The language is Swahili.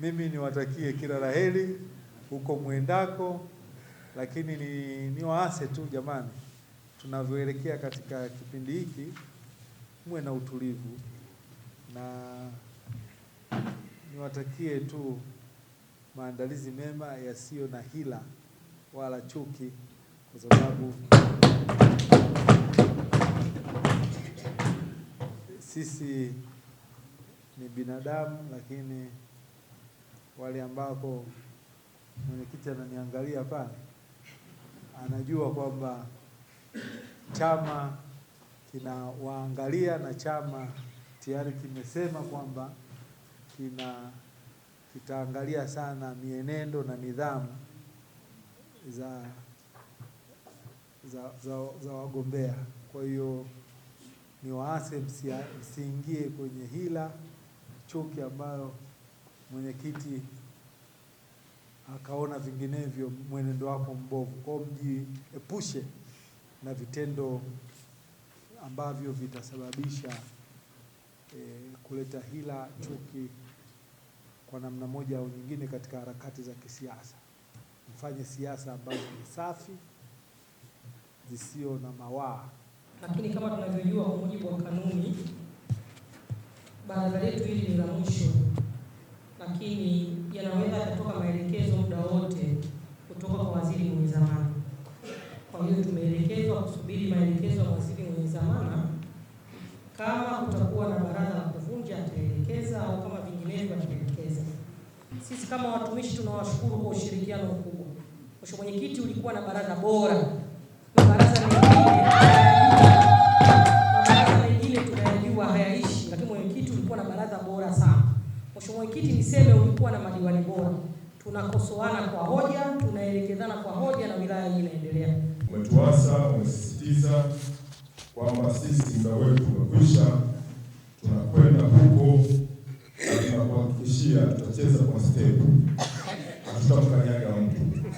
Mimi niwatakie kila laheri huko mwendako, lakini ni niwaase tu jamani, tunavyoelekea katika kipindi hiki muwe na utulivu, na niwatakie tu maandalizi mema yasiyo na hila wala chuki, kwa sababu sisi ni binadamu lakini wale ambapo mwenyekiti ananiangalia pale, anajua kwamba chama kinawaangalia na chama tayari kimesema kwamba kina kitaangalia sana mienendo na nidhamu za za, za, za wagombea. Kwa hiyo ni waase msiingie kwenye hila chuki ambayo mwenyekiti akaona vinginevyo mwenendo wako mbovu. Kwao mjiepushe na vitendo ambavyo vitasababisha e, kuleta hila, chuki kwa namna moja au nyingine katika harakati za kisiasa. Mfanye siasa ambazo ni safi, zisio na mawaa. Lakini kama tunavyojua, kwa mujibu wa kanuni, baraza letu hili ni la mwisho lakini yanaweza kutoka maelekezo muda wote kutoka kwa waziri mwenye dhamana. Kwa hiyo tumeelekezwa kusubiri maelekezo ya waziri mwenye dhamana. Kama kutakuwa na baraza la kuvunja, ataelekeza au kama vinginevyo ataelekeza. Sisi kama watumishi tunawashukuru kwa ushirikiano mkubwa. Mheshimiwa Mwenyekiti, ulikuwa na baraza bora na baraza Mheshimiwa Mwenyekiti, niseme ulikuwa na madiwani bora, tunakosoana kwa hoja, tunaelekezana kwa hoja na wilaya hii inaendelea. Umetuasa, umesisitiza kwamba sisi muda wetu umekwisha, tunakwenda huko na tunakuhakikishia tutacheza kwa step, hatutamkanyaga mtu.